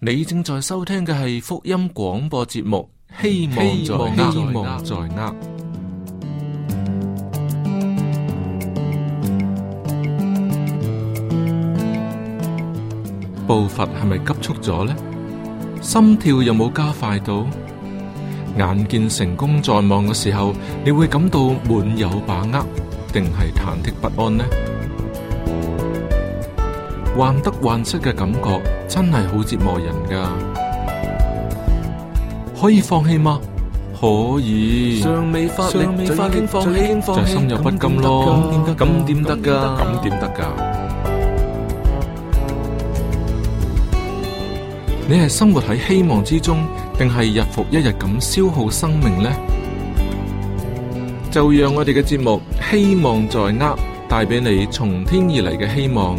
你正在收聽嘅係福音廣播節目，希望在握。步伐係咪急促咗呢？心跳有冇加快到？眼見成功在望嘅時候，你會感到滿有把握，定係忐忑不安呢？患得患失嘅感覺。真係好折磨人噶，可以放棄嗎？可以。尚未發力，就心有不甘咯。咁點得？咁點得噶？咁點得噶？你係生活喺希望之中，定係日復一日咁消耗生命呢？就讓我哋嘅節目，希望在握，帶俾你從天而嚟嘅希望。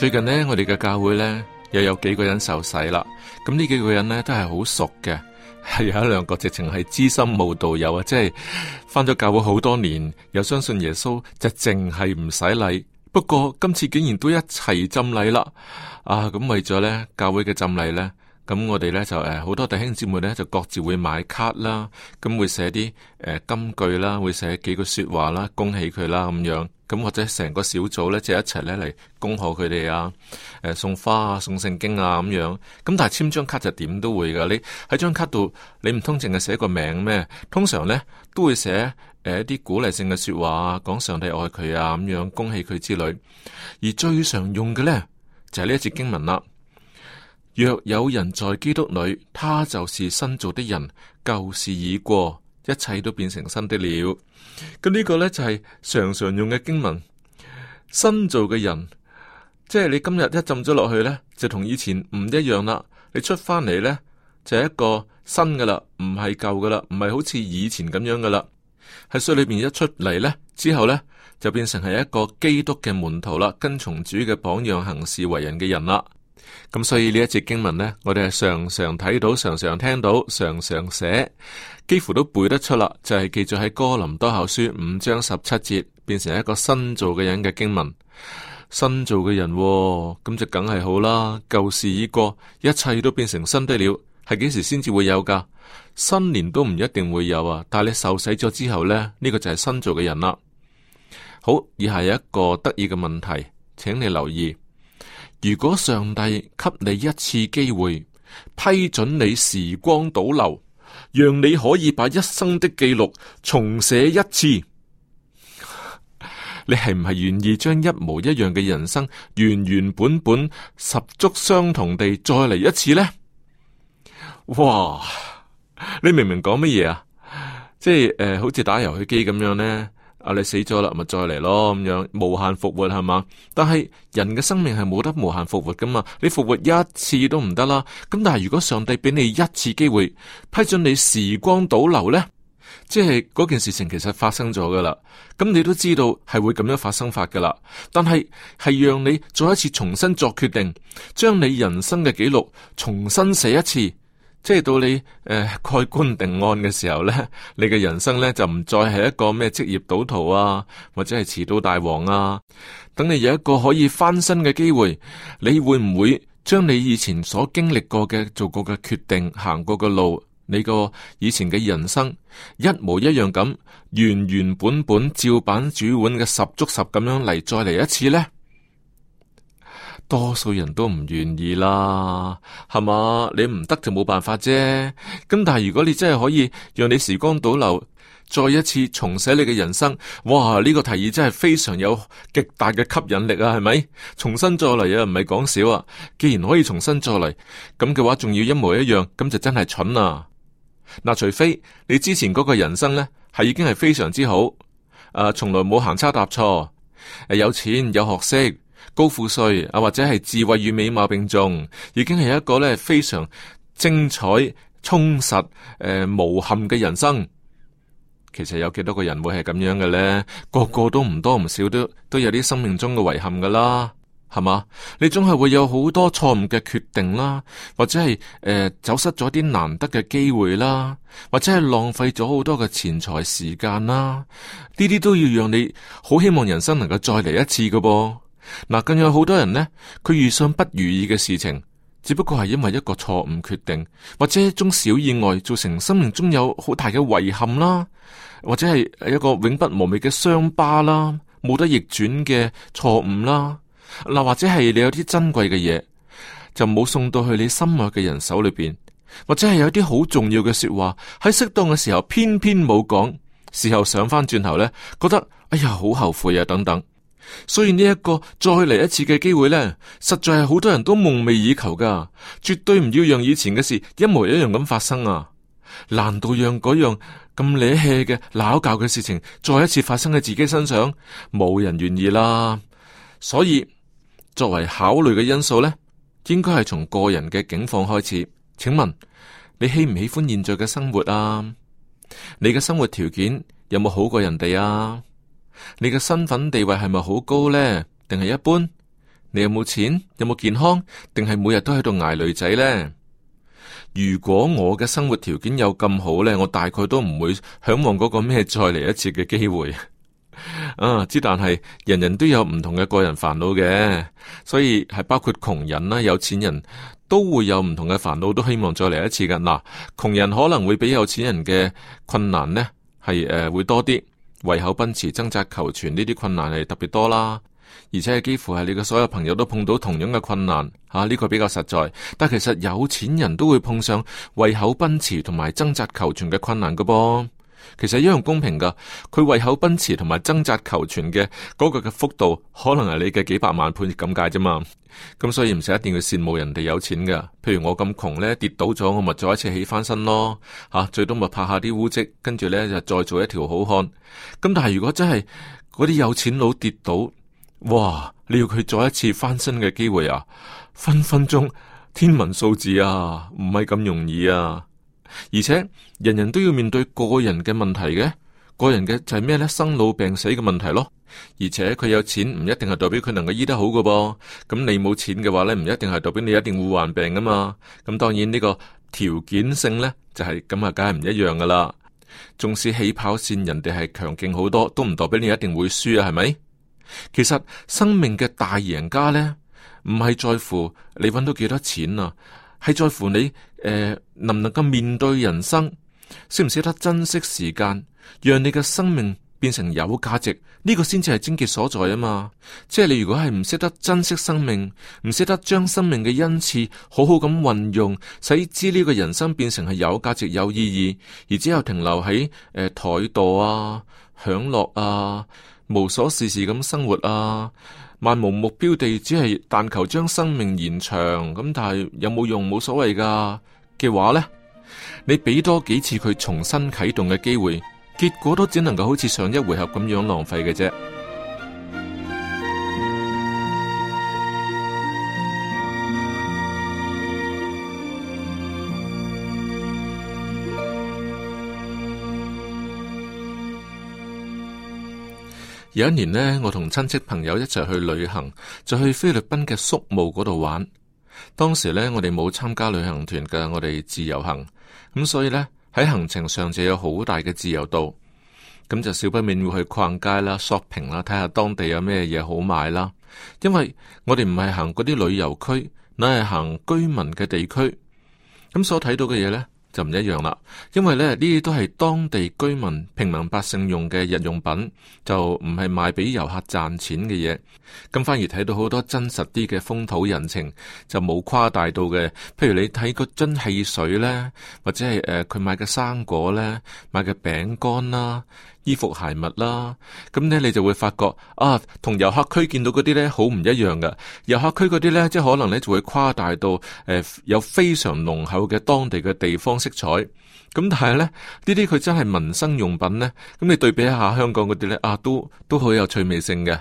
最近呢，我哋嘅教會咧又有幾個人受洗啦。咁呢幾個人咧都係好熟嘅，有一兩個直情係資深慕道友啊，即係返咗教會好多年，又相信耶穌，就淨係唔使禮。不過今次竟然都一齊浸禮啦。啊，咁為咗咧教會嘅浸禮咧。咁我哋咧就誒好多弟兄姊妹咧就各自會買卡啦，咁會寫啲誒、呃、金句啦，會寫幾句說話啦，恭喜佢啦咁樣，咁或者成個小組咧就一齊咧嚟恭賀佢哋啊，誒、呃、送花啊送聖經啊咁樣，咁但係簽張卡就點都會噶，你喺張卡度你唔通淨係寫個名咩？通常咧都會寫誒一啲鼓勵性嘅說話啊，講上帝愛佢啊咁樣恭喜佢之類，而最常用嘅咧就係、是、呢一節經文啦。若有人在基督裏，他就是新造的人，舊事已過，一切都變成新的了。咁呢個呢，就係、是、常常用嘅經文。新造嘅人，即係你今日一浸咗落去呢，就同以前唔一樣啦。你出翻嚟呢，就係、一個新噶啦，唔係舊噶啦，唔係好似以前咁樣噶啦。喺水裏面一出嚟呢，之後呢，就變成係一個基督嘅門徒啦，跟從主嘅榜樣行事為人嘅人啦。咁所以呢一節經文呢，我哋係常常睇到，常常聽到，常常寫，幾乎都背得出啦。就係、是、記載喺哥林多後書五章十七節，變成一個新造嘅人嘅經文。新造嘅人，哦，咁就梗係好啦。舊事已過，一切都變成新的了。係幾時先至會有噶？新年都唔一定會有啊。但係你受洗咗之後呢，呢、這個就係新造嘅人啦。好，以下有一個得意嘅問題，請你留意。如果上帝給你一次機會，批准你時光倒流，讓你可以把一生的記錄重寫一次，你係唔係願意將一模一樣嘅人生原原本本十足相同地再嚟一次呢？哇！你明明講乜嘢啊？即係、呃、好似打遊戲機咁樣呢。啊！你死咗啦，咪再嚟咯咁樣，無限復活係嘛？但係人嘅生命係冇得無限復活噶嘛？你復活一次都唔得啦。咁但係如果上帝俾你一次機會，批准你時光倒流呢，即係嗰件事情其實發生咗噶啦。咁你都知道係會咁樣發生法噶啦。但係係讓你再一次重新作決定，將你人生嘅記錄重新寫一次。即係到你誒、呃、蓋棺定案嘅時候咧，你嘅人生咧就唔再係一個咩職業賭徒啊，或者係遲到大王啊，等你有一個可以翻身嘅機會，你會唔會將你以前所經歷過嘅，做過嘅決定，行過嘅路，你個以前嘅人生一模一樣咁原原本本照版煮碗嘅十足十咁樣嚟，再嚟一次咧？多數人都唔願意啦，係嘛？你唔得就冇辦法啫。咁但係如果你真係可以讓你時光倒流，再一次重寫你嘅人生，哇！呢個提議真係非常有極大嘅吸引力啊，係咪？重新再嚟啊，唔係講少啊。既然可以重新再嚟，咁嘅話仲要一模一樣，咁就真係蠢啦。嗱，除非你之前嗰個人生呢，係已經係非常之好，誒，從來冇行差踏錯，有錢有學識。高富帥啊，或者係智慧與美貌並重，已經係一個咧非常精彩充實誒、呃、無憾嘅人生。其實有幾多個人會係咁樣嘅呢？個個都唔多唔少都，都都有啲生命中嘅遺憾噶啦，係嘛？你總係會有好多錯誤嘅決定啦，或者係誒、呃、走失咗啲難得嘅機會啦，或者係浪費咗好多嘅錢財時間啦，呢啲都要讓你好希望人生能夠再嚟一次嘅噃。嗱，更有好多人呢，佢遇上不如意嘅事情，只不過係因為一個錯誤決定，或者一種小意外造成生命中有好大嘅遺憾啦，或者係一個永不磨滅嘅傷疤啦，冇得逆轉嘅錯誤啦，嗱，或者係你有啲珍貴嘅嘢，就冇送到去你心愛嘅人手裏邊，或者係有啲好重要嘅說話喺適當嘅時候偏偏冇講，事後上翻轉頭呢覺得哎呀好後悔啊，等等。所以呢一個再嚟一次嘅機會呢，實在係好多人都夢寐以求噶，絕對唔要讓以前嘅事一模一樣咁發生啊！難道讓嗰樣咁惹氣嘅、惱教嘅事情再一次發生喺自己身上？冇人願意啦。所以作為考慮嘅因素呢，應該係從個人嘅境況開始。請問你喜唔喜歡現在嘅生活啊？你嘅生活條件有冇好過人哋啊？你嘅身份地位係咪好高呢？定係一般？你有冇錢？有冇健康？定係每日都喺度挨女仔呢？如果我嘅生活條件有咁好呢，我大概都唔會向往嗰個咩再嚟一次嘅機會 啊！之但係人人都有唔同嘅個人煩惱嘅，所以係包括窮人啦、有錢人都會有唔同嘅煩惱，都希望再嚟一次噶。嗱，窮人可能會比有錢人嘅困難呢係誒、呃、會多啲。為口奔馳、掙扎求存呢啲困難係特別多啦，而且係幾乎係你嘅所有朋友都碰到同樣嘅困難嚇，呢、這個比較實在。但其實有錢人都會碰上為口奔馳同埋掙扎求存嘅困難㗎噃。其實一樣公平噶，佢胃口奔馳同埋掙扎求存嘅嗰個嘅幅度，可能係你嘅幾百萬判咁解啫嘛。咁、嗯、所以唔使一定要羨慕人哋有錢噶。譬如我咁窮咧，跌倒咗，我咪再一次起翻身咯。吓、啊，最多咪拍下啲污漬，跟住咧就再做一條好漢。咁、嗯、但係如果真係嗰啲有錢佬跌倒，哇！你要佢再一次翻身嘅機會啊，分分鐘天文數字啊，唔係咁容易啊。而且人人都要面對個人嘅問題嘅，個人嘅就係咩呢？生老病死嘅問題咯。而且佢有錢唔一定係代表佢能夠醫得好嘅噃。咁你冇錢嘅話呢，唔一定係代表你一定會患病噶嘛。咁當然呢個條件性呢，就係咁啊，梗係唔一樣噶啦。縱使起跑線人哋係強勁好多，都唔代表你一定會輸啊，係咪？其實生命嘅大贏家呢，唔係在乎你揾到幾多錢啊。係在乎你誒、呃，能唔能夠面對人生，識唔識得珍惜時間，讓你嘅生命變成有價值？呢、這個先至係症結所在啊嘛！即係你如果係唔識得珍惜生命，唔識得將生命嘅恩賜好好咁運用，使知呢個人生變成係有價值、有意義，而之後停留喺誒、呃、台度啊、享樂啊、無所事事咁生活啊。漫無目標地，只係但求將生命延長咁，但係有冇用？冇所謂㗎嘅話呢？你俾多幾次佢重新啟動嘅機會，結果都只能夠好似上一回合咁樣浪費嘅啫。有一年呢，我同親戚朋友一齊去旅行，就去菲律賓嘅宿務嗰度玩。當時呢，我哋冇參加旅行團嘅，我哋自由行咁，所以呢，喺行程上就有好大嘅自由度，咁就少不免要去逛街啦、shopping 啦，睇下當地有咩嘢好買啦。因為我哋唔係行嗰啲旅遊區，乃係行居民嘅地區，咁所睇到嘅嘢呢。就唔一樣啦，因為咧呢啲都係當地居民平民百姓用嘅日用品，就唔係賣俾遊客賺錢嘅嘢，咁反而睇到好多真實啲嘅風土人情，就冇誇大到嘅。譬如你睇個樽汽水咧，或者係誒佢買嘅生果咧，買嘅餅乾啦。衣服鞋襪啦，咁呢，你就會發覺啊，同遊客區見到嗰啲呢好唔一樣嘅。遊客區嗰啲呢，即係可能呢就會誇大到誒、呃，有非常濃厚嘅當地嘅地方色彩。咁但係呢，呢啲佢真係民生用品呢。咁你對比一下香港嗰啲呢，啊都都好有趣味性嘅。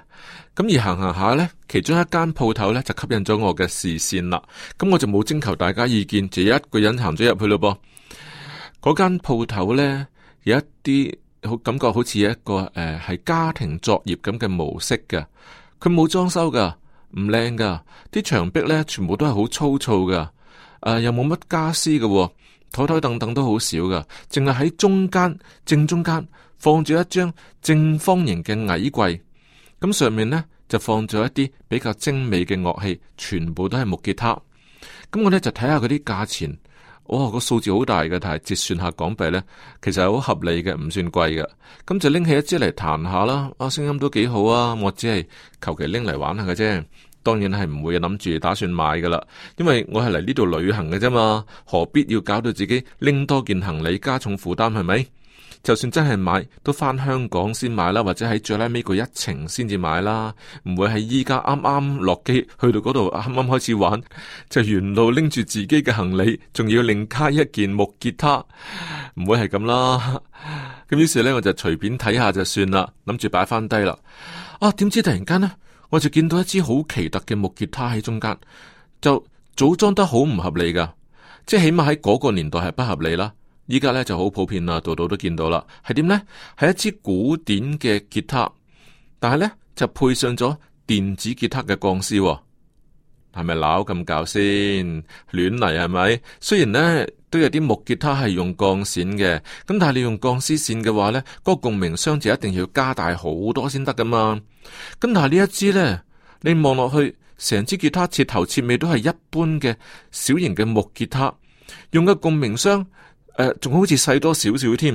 咁而行行下呢，其中一間鋪頭呢，就吸引咗我嘅視線啦。咁我就冇徵求大家意見，就一個人行咗入去咯噃。嗰間鋪頭呢，有一啲。好感覺好似一個誒係、呃、家庭作業咁嘅模式嘅，佢冇裝修噶，唔靚噶，啲牆壁呢，全部都係好粗糙噶，誒、呃、又冇乜家私嘅、哦，台台凳凳都好少噶，淨係喺中間正中間放住一張正方形嘅矮櫃，咁上面呢，就放咗一啲比較精美嘅樂器，全部都係木吉他，咁我呢，就睇下佢啲價錢。哇，哦，那個數字好大嘅，但係折算下港幣咧，其實係好合理嘅，唔算貴嘅。咁就拎起一支嚟彈下啦，啊，聲音都幾好啊。我只係求其拎嚟玩下嘅啫，當然係唔會諗住打算買嘅啦。因為我係嚟呢度旅行嘅啫嘛，何必要搞到自己拎多件行李加重負擔係咪？就算真係買，都翻香港先買啦，或者喺最拉尾嗰一程先至買啦，唔會係依家啱啱落機去到嗰度啱啱開始玩，就沿路拎住自己嘅行李，仲要另加一件木吉他，唔會係咁啦。咁 於是咧，我就隨便睇下就算啦，諗住擺翻低啦。啊，點知突然間咧，我就見到一支好奇特嘅木吉他喺中間，就組裝得好唔合理噶，即係起碼喺嗰個年代係不合理啦。依家咧就好普遍啦，度度都見到啦，係點呢？係一支古典嘅吉他，但係咧就配上咗電子吉他嘅鋼絲，係咪扭咁搞先亂嚟？係咪？雖然呢都有啲木吉他係用鋼線嘅，咁但係你用鋼絲線嘅話咧，個共鳴箱就一定要加大好多先得噶嘛。咁但係呢一支咧，你望落去成支吉他切頭切尾都係一般嘅小型嘅木吉他，用個共鳴箱。誒，仲、呃、好似細多少少添，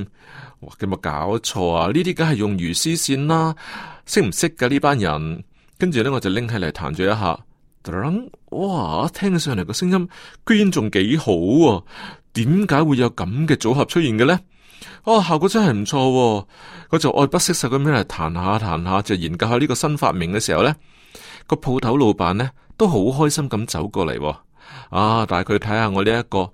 哇，有冇搞錯啊！呢啲梗係用魚絲線啦，識唔識噶呢班人？跟住咧，我就拎起嚟彈咗一下，突然，哇！聽上嚟個聲音，居然仲幾好喎、啊，點解會有咁嘅組合出現嘅咧？哦、啊，效果真係唔錯，我就愛不釋手咁樣嚟彈下彈下，就研究下呢個新發明嘅時候咧，個鋪頭老闆咧都好開心咁走過嚟、啊。啊！但係佢睇下我呢、這、一個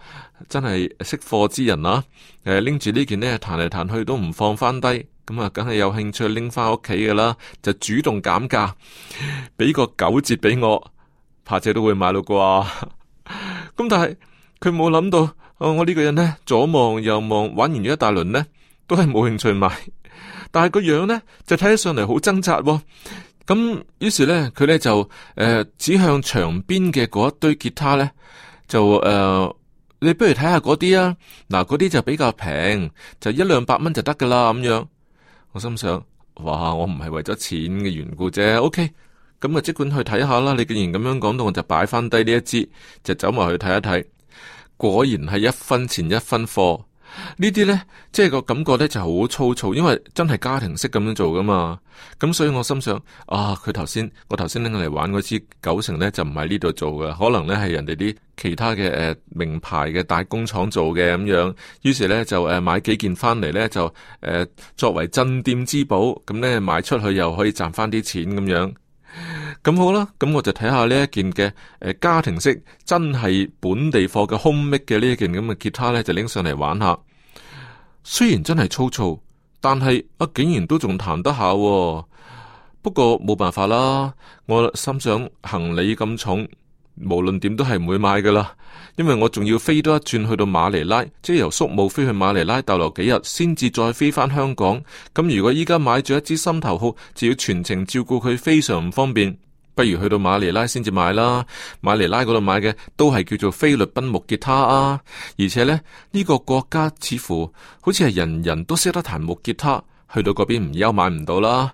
真係識貨之人啊。誒，拎住呢件呢，彈嚟彈去都唔放翻低，咁啊，梗係有興趣拎翻屋企噶啦，就主動減價，俾個九折俾我，怕姐都會買咯啩？咁 但係佢冇諗到，啊、我呢個人呢，左望右望，玩完咗一大輪呢，都係冇興趣買，但係個樣呢，就睇起上嚟好掙扎、哦。咁於是咧，佢咧就誒、呃、指向牆邊嘅嗰一堆吉他咧，就誒、呃、你不如睇下嗰啲啊！嗱，嗰啲就比較平，就一兩百蚊就得噶啦咁樣。我心想：哇，我唔係為咗錢嘅緣故啫。OK，咁啊，即管去睇下啦。你既然咁樣講到，我就擺翻低呢一支，就走埋去睇一睇。果然係一分錢一分貨。呢啲呢，即係個感覺呢就好粗糙，因為真係家庭式咁樣做噶嘛。咁所以我心想，啊，佢頭先，我頭先拎嚟玩嗰支九成呢，就唔喺呢度做噶，可能呢係人哋啲其他嘅誒名牌嘅大工廠做嘅咁樣。於是呢，就誒買幾件翻嚟呢，就誒作為鎮店之寶，咁呢賣出去又可以賺翻啲錢咁樣。咁好啦，咁我就睇下呢一件嘅誒、呃、家庭式真係本地貨嘅 home make 嘅呢一件咁嘅吉他呢，就拎上嚟玩下。雖然真係粗糙，但係我、啊、竟然都仲彈得下、啊。不過冇辦法啦，我心想行李咁重，無論點都係唔會買噶啦。因為我仲要飛多一轉去到馬尼拉，即係由宿務飛去馬尼拉逗留幾日，先至再飛返香港。咁如果依家買咗一支心頭好，就要全程照顧佢，非常唔方便。不如去到馬尼拉先至買啦，馬尼拉嗰度買嘅都係叫做菲律賓木吉他啊，而且呢，呢個國家似乎好似係人人都識得彈木吉他，去到嗰邊唔憂買唔到啦。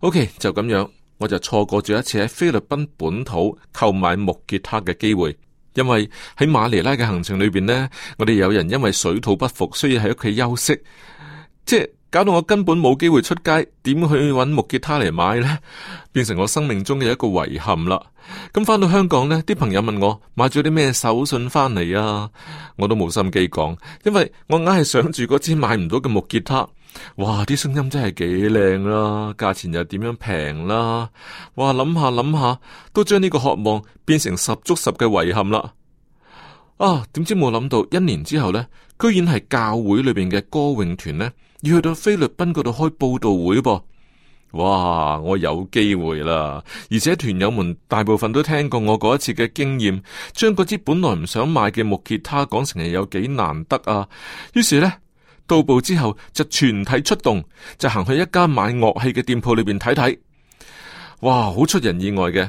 OK，就咁樣，我就錯過咗一次喺菲律賓本土購買木吉他嘅機會，因為喺馬尼拉嘅行程裏邊呢，我哋有人因為水土不服，需要喺屋企休息。即係。搞到我根本冇機會出街，點去揾木吉他嚟買呢？變成我生命中嘅一個遺憾啦。咁翻到香港呢，啲朋友問我買咗啲咩手信翻嚟啊？我都冇心機講，因為我硬係想住嗰支買唔到嘅木吉他。哇！啲聲音真係幾靚啦，價錢又點樣平啦，啊？哇！諗下諗下，都將呢個渴望變成十足十嘅遺憾啦。啊！點知冇諗到一年之後呢，居然係教會裏邊嘅歌詠團呢。要去到菲律賓嗰度開報道會噃。哇！我有機會啦，而且團友們大部分都聽過我嗰一次嘅經驗，將嗰支本來唔想買嘅木吉他講成係有幾難得啊。於是呢，到步之後就全體出動，就行去一間買樂器嘅店鋪裏邊睇睇。哇！好出人意外嘅，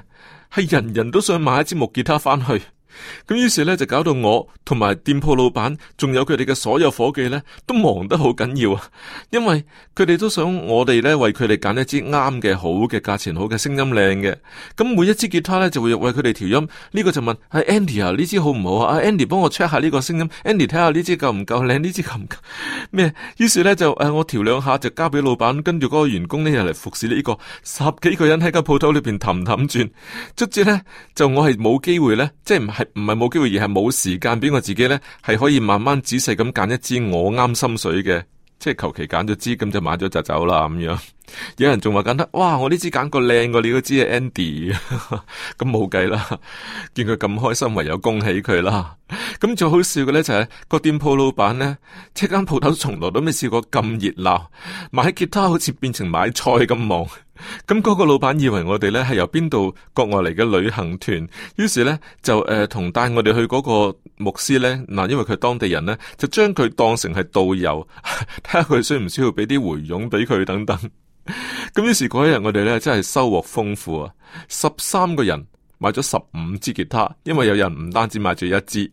係人人都想買一支木吉他翻去。咁於是咧，就搞到我同埋店鋪老闆，仲有佢哋嘅所有伙計咧，都忙得好緊要啊！因為佢哋都想我哋咧為佢哋揀一支啱嘅、好嘅、價錢好嘅、聲音靚嘅。咁每一支吉他咧就會為佢哋調音。呢、呢個就問係、啊、Andy 啊，呢支好唔好啊？Andy 幫我 check 下呢個聲音，Andy 睇下呢支夠唔夠靚，呢支夠唔夠咩？於是咧就誒，我調兩下就交俾老闆，跟住嗰個員工呢，又嚟服侍呢個十幾個人喺個鋪頭裏邊氹氹轉，卒之咧就我係冇機會咧，即係唔係。唔係冇機會，而係冇時間俾我自己咧，係可以慢慢仔細咁揀一支我啱心水嘅，即係求其揀咗支，咁就買咗就走啦，咁樣。有人仲話揀得，哇！我呢支揀個靚個，你都知係 Andy，咁冇計啦。見佢咁開心，唯有恭喜佢啦。咁 最好笑嘅咧就係、是、個店鋪老闆咧，即係間鋪頭從來都未試過咁熱鬧，買吉他好似變成買菜咁忙。咁 嗰個老闆以為我哋咧係由邊度國外嚟嘅旅行團，於是咧就誒同帶我哋去嗰個牧師咧，嗱，因為佢係當地人咧，就將佢當成係導遊，睇下佢需唔需要俾啲回佣俾佢等等。咁於是嗰一日我哋咧真係收穫豐富啊！十三個人買咗十五支吉他，因為有人唔單止買咗一支。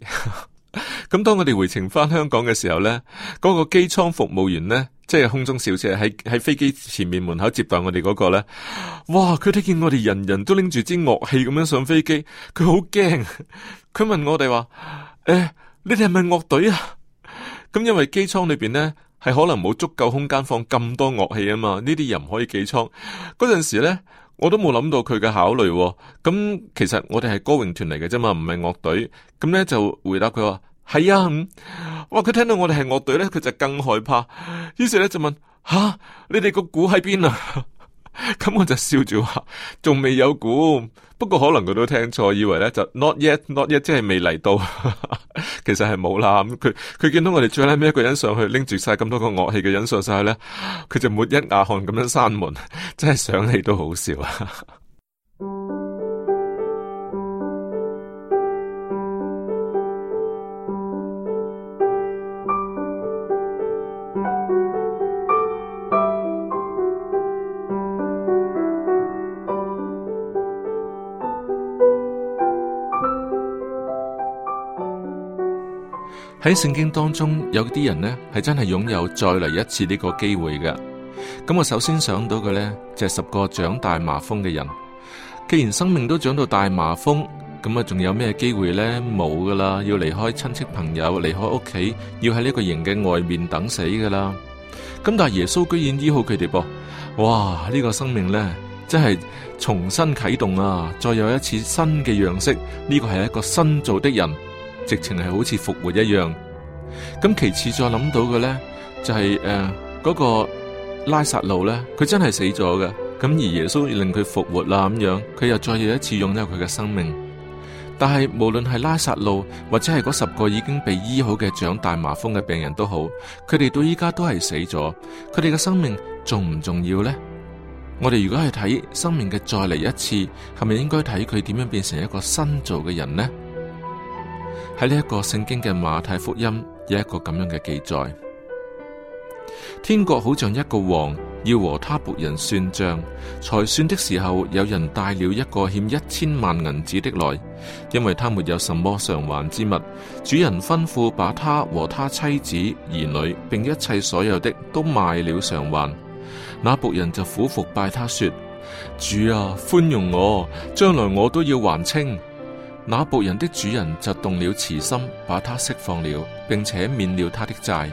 咁 當我哋回程翻香港嘅時候呢，嗰、嗰個機艙服務員呢，即係空中小姐喺喺飛機前面門口接待我哋嗰個呢。哇！佢睇見我哋人人都拎住支樂器咁樣上飛機，佢好驚。佢 問我哋話：誒、欸，你哋係咪樂隊啊？咁因為機艙裏邊呢。係可能冇足夠空間放咁多樂器啊嘛，呢啲又唔可以寄倉。嗰陣時咧，我都冇諗到佢嘅考慮，哦。咁、嗯、其實我哋係歌詠團嚟嘅啫嘛，唔係樂隊。咁、嗯、咧就回答佢話係啊。哇！佢聽到我哋係樂隊咧，佢就更害怕。於是咧就問：吓，你哋個鼓喺邊啊？ 咁我就笑住話，仲未有估。不過可能佢都聽錯，以為咧就 not yet，not yet，即係未嚟到呵呵，其實係冇啦。咁佢佢見到我哋最後尾一個人上去拎住晒咁多個樂器嘅人上晒咧，佢就抹一額汗咁樣閂門，真係想你都好笑啊！呵呵喺聖經當中，有啲人呢，係真係擁有再嚟一次呢個機會嘅。咁我首先想到嘅呢，就係、是、十個長大麻風嘅人。既然生命都長到大麻風，咁啊仲有咩機會呢？冇噶啦，要離開親戚朋友，離開屋企，要喺呢個營嘅外面等死噶啦。咁但係耶穌居然醫好佢哋噃，哇！呢、這個生命呢，真係重新啟動啊，再有一次新嘅樣式。呢、這個係一個新造的人。直情係好似復活一樣，咁其次再諗到嘅呢，就係誒嗰個拉撒路呢，佢真係死咗嘅，咁而耶穌令佢復活啦咁樣，佢又再有一次擁有佢嘅生命。但係無論係拉撒路或者係嗰十個已經被醫好嘅長大麻風嘅病人都好，佢哋到依家都係死咗，佢哋嘅生命重唔重要呢？我哋如果係睇生命嘅再嚟一次，係咪應該睇佢點樣變成一個新造嘅人呢？喺呢一個聖經嘅馬太福音有一個咁樣嘅記載，天國好像一個王要和他僕人算賬，才算的時候有人帶了一個欠一千萬銀子的來，因為他沒有什麼償還之物，主人吩咐把他和他妻子兒女並一切所有的都賣了償還，那僕人就俯伏拜他說：主啊，寬容我，將來我都要還清。那僕人的主人就動了慈心，把他釋放了，並且免了他的債。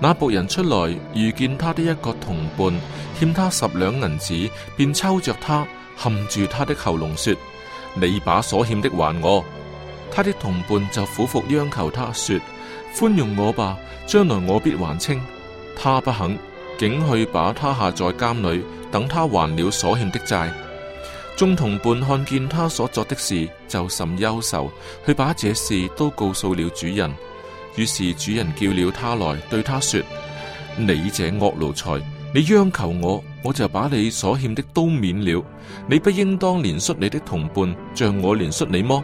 那僕人出來，遇見他的一個同伴欠他十兩銀子，便抽着他，含住他的喉嚨說：你把所欠的還我。他的同伴就苦苦央求他說：寬容我吧，將來我必還清。他不肯，竟去把他下在監裏，等他還了所欠的債。眾同伴看見他所作的事，就甚憂愁，愁，去把這事都告訴了主人。於是主人叫了他來，對他說：你這惡奴才，你央求我，我就把你所欠的都免了。你不應當憐恤你的同伴，像我憐恤你麼？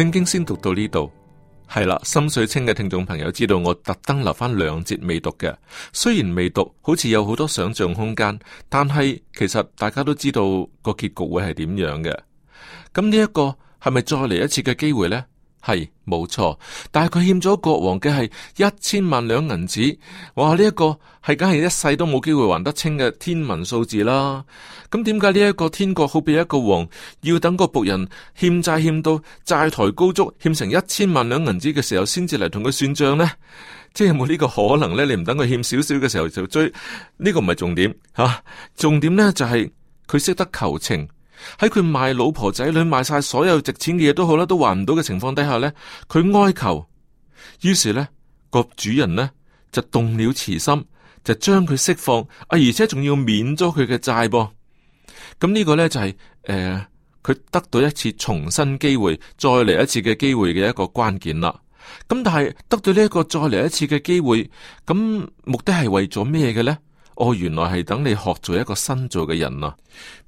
聖經先讀到呢度係啦，心水清嘅聽眾朋友知道，我特登留翻兩節未讀嘅。雖然未讀，好似有好多想象空間，但係其實大家都知道個結局會係點樣嘅。咁呢一個係咪再嚟一次嘅機會呢？係冇錯，但係佢欠咗國王嘅係一千萬兩銀紙，哇！呢、這、一個係梗係一世都冇機會還得清嘅天文數字啦。咁點解呢一個天國好比一個王，要等個僕人欠債欠到債台高築，欠成一千萬兩銀紙嘅時候，先至嚟同佢算賬呢？即係有冇呢個可能呢，你唔等佢欠少少嘅時候就追，呢、這個唔係重點吓、啊，重點呢就係佢識得求情。喺佢賣老婆仔女賣晒所有值錢嘅嘢都好啦，都還唔到嘅情況底下呢，佢哀求，於是呢，個主人呢，就動了慈心，就將佢釋放啊，而且仲要免咗佢嘅債噃。咁、嗯、呢、這個呢，就係誒佢得到一次重新機會，再嚟一次嘅機會嘅一個關鍵啦。咁、嗯、但係得到呢一個再嚟一次嘅機會，咁、嗯、目的係為咗咩嘅呢？我、哦、原來係等你學做一個新做嘅人啊，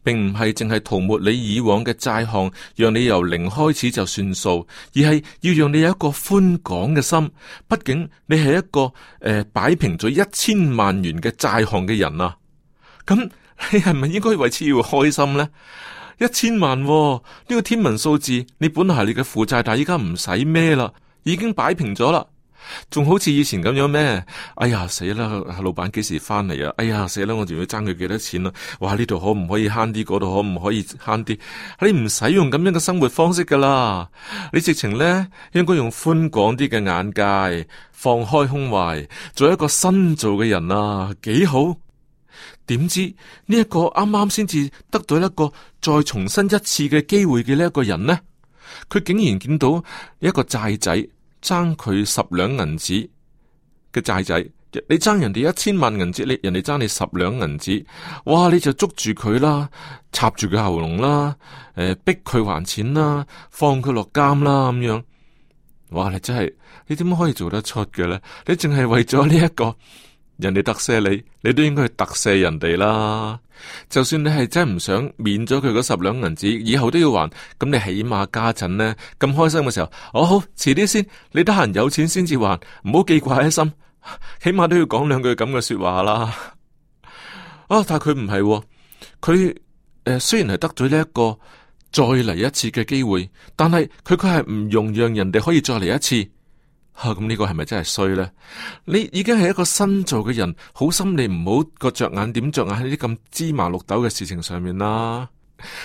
並唔係淨係塗抹你以往嘅債項，讓你由零開始就算數，而係要讓你有一個寬廣嘅心。畢竟你係一個誒擺、呃、平咗一千萬元嘅債項嘅人啊，咁、嗯、你係咪應該為此要開心呢？一千萬呢、哦呢個天文數字，你本來係你嘅負債，但係依家唔使咩啦，已經擺平咗啦。仲好似以前咁樣咩？哎呀，死啦！老闆幾時翻嚟啊？哎呀，死啦！我仲要爭佢幾多錢啊？哇！呢度可唔可以慳啲？嗰度可唔可以慳啲？你唔使用咁樣嘅生活方式噶啦，你直情咧應該用寬廣啲嘅眼界，放開胸懷，做一個新做嘅人啊，幾好？點知呢一個啱啱先至得到一個再重新一次嘅機會嘅呢一個人呢？佢竟然見到一個債仔。爭佢十兩銀子嘅債仔，你爭人哋一千萬銀子，你人哋爭你十兩銀子，哇！你就捉住佢啦，插住佢喉嚨啦，誒、呃，逼佢還錢啦，放佢落監啦，咁樣，哇！你真係，你點可以做得出嘅咧？你淨係為咗呢一個。人哋特赦你，你都應該去特赦人哋啦。就算你係真唔想免咗佢嗰十兩銀子，以後都要還。咁你起碼家陣呢，咁開心嘅時候，哦好，遲啲先，你得閒有錢先至還，唔好記掛喺心。起碼都要講兩句咁嘅說話啦。啊、哦，但係佢唔係，佢誒、呃，雖然係得咗呢一個再嚟一次嘅機會，但係佢佢係唔容讓人哋可以再嚟一次。吓咁，啊嗯，呢個係咪真係衰咧？你已經係一個新造嘅人，好心你唔好個着眼點着眼喺啲咁芝麻綠豆嘅事情上面啦。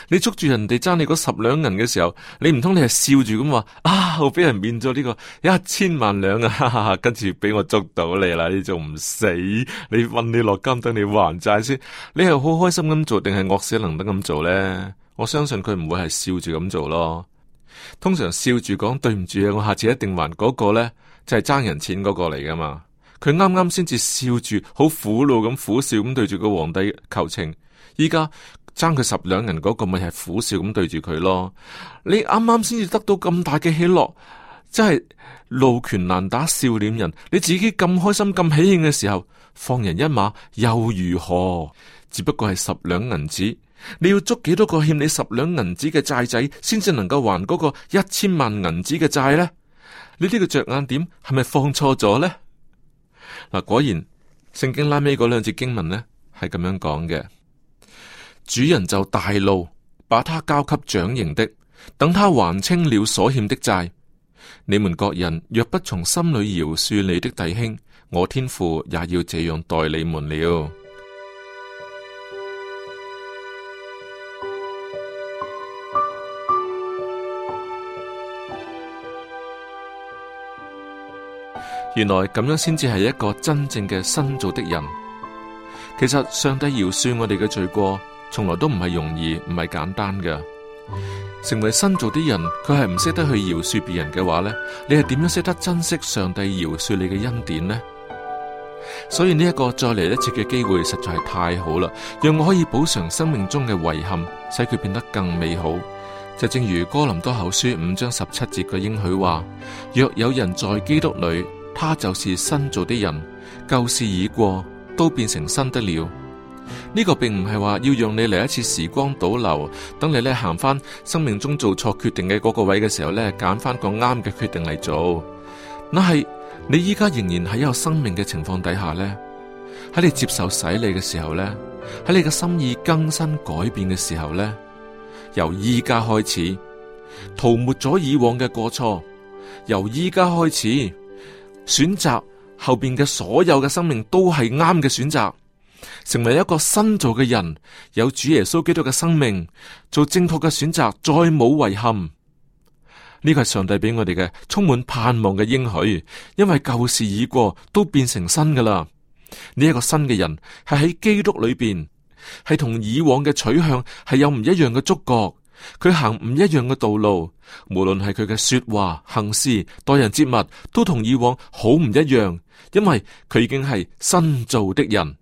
你捉住人哋爭你嗰十兩銀嘅時候，你唔通你係笑住咁話啊？我俾人變咗呢個一千萬兩啊！哈哈跟住俾我捉到你啦，你仲唔死？你問你落金等你還債先。你係好開心咁做定係惡死能登咁做咧？我相信佢唔會係笑住咁做咯。通常笑住講對唔住啊，我下次一定還嗰個呢，就係爭人錢嗰個嚟噶嘛。佢啱啱先至笑住，好苦惱咁苦笑咁對住個皇帝求情。依家爭佢十兩銀嗰個，咪係苦笑咁對住佢咯。你啱啱先至得到咁大嘅喜樂，真係路拳難打笑臉人。你自己咁開心咁喜慶嘅時候，放人一馬又如何？只不過係十兩銀紙。你要捉幾多個欠你十兩銀子嘅債仔，先至能夠還嗰個一千萬銀子嘅債呢？你呢個着眼點係咪放錯咗呢？嗱，果然聖經拉尾嗰兩節經文呢，係咁樣講嘅。主人就大怒，把他交給掌刑的，等他還清了所欠的債。你們各人若不從心裏饒恕你的弟兄，我天父也要這樣待你們了。原來咁樣先至係一個真正嘅新造的人。其實上帝饒恕我哋嘅罪過，從來都唔係容易，唔係簡單嘅。成為新造的人，佢係唔識得去饒恕別人嘅話呢？你係點樣識得珍惜上帝饒恕你嘅恩典呢？所以呢一個再嚟一次嘅機會實在係太好啦，讓我可以補償生命中嘅遺憾，使佢變得更美好。就正如哥林多後書五章十七節嘅應許話：若有人在基督裏。他就是新做的人，舊事已過，都變成新的了。呢個並唔係話要讓你嚟一次時光倒流，等你咧行翻生命中做錯決定嘅嗰個位嘅時候咧，揀翻個啱嘅決定嚟做。但係你依家仍然喺有生命嘅情況底下咧，喺你接受洗禮嘅時候咧，喺你嘅心意更新改變嘅時候咧，由依家開始，塗抹咗以往嘅過錯，由依家開始。選擇後邊嘅所有嘅生命都係啱嘅選擇，成為一個新造嘅人，有主耶穌基督嘅生命，做正確嘅選擇，再冇遺憾。呢個係上帝俾我哋嘅充滿盼望嘅應許，因為舊事已過，都變成新噶啦。呢、這、一個新嘅人係喺基督裏邊，係同以往嘅取向係有唔一樣嘅觸覺。佢行唔一樣嘅道路，無論係佢嘅說話、行事、待人接物，都同以往好唔一樣。因為佢已經係新造的人，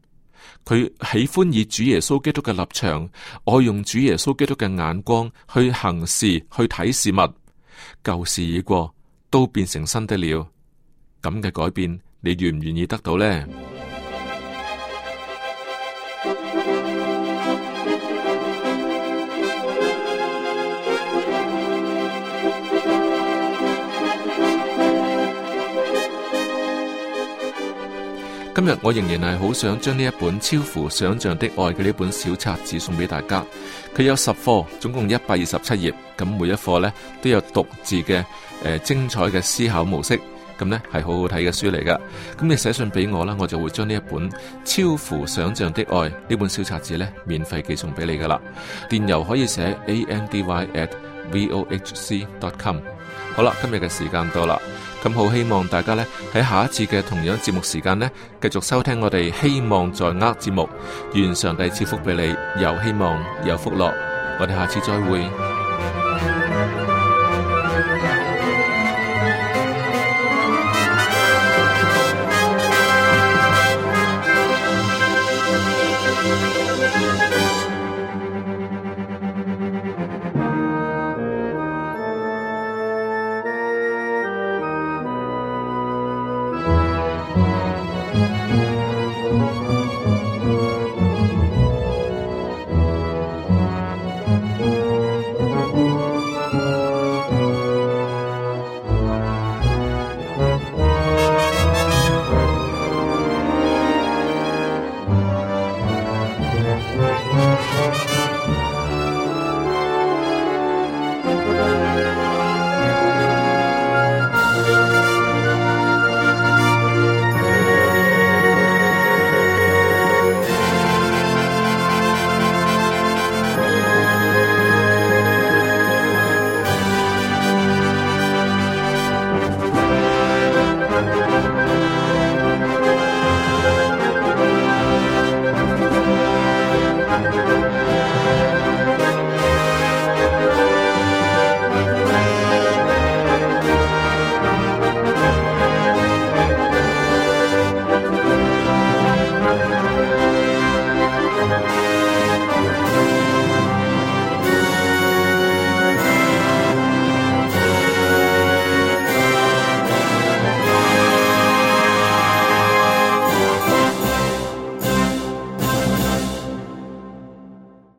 佢喜歡以主耶穌基督嘅立場，愛用主耶穌基督嘅眼光去行事、去睇事物。舊事已過，都變成新的了。咁嘅改變，你願唔願意得到呢？今日我仍然係好想將呢一本超乎想象的愛嘅呢本小冊子送俾大家，佢有十課，總共一百二十七頁，咁每一課呢，都有獨自嘅誒、呃、精彩嘅思考模式，咁呢係好好睇嘅書嚟噶。咁你寫信俾我啦，我就會將呢一本超乎想象的愛呢本小冊子呢，免費寄送俾你噶啦。電郵可以寫 andy@vohc.com。好啦，今日嘅時間到啦，咁好希望大家呢，喺下一次嘅同樣節目時間呢，繼續收聽我哋希望在握節目，願上帝賜福俾你，有希望，有福樂，我哋下次再會。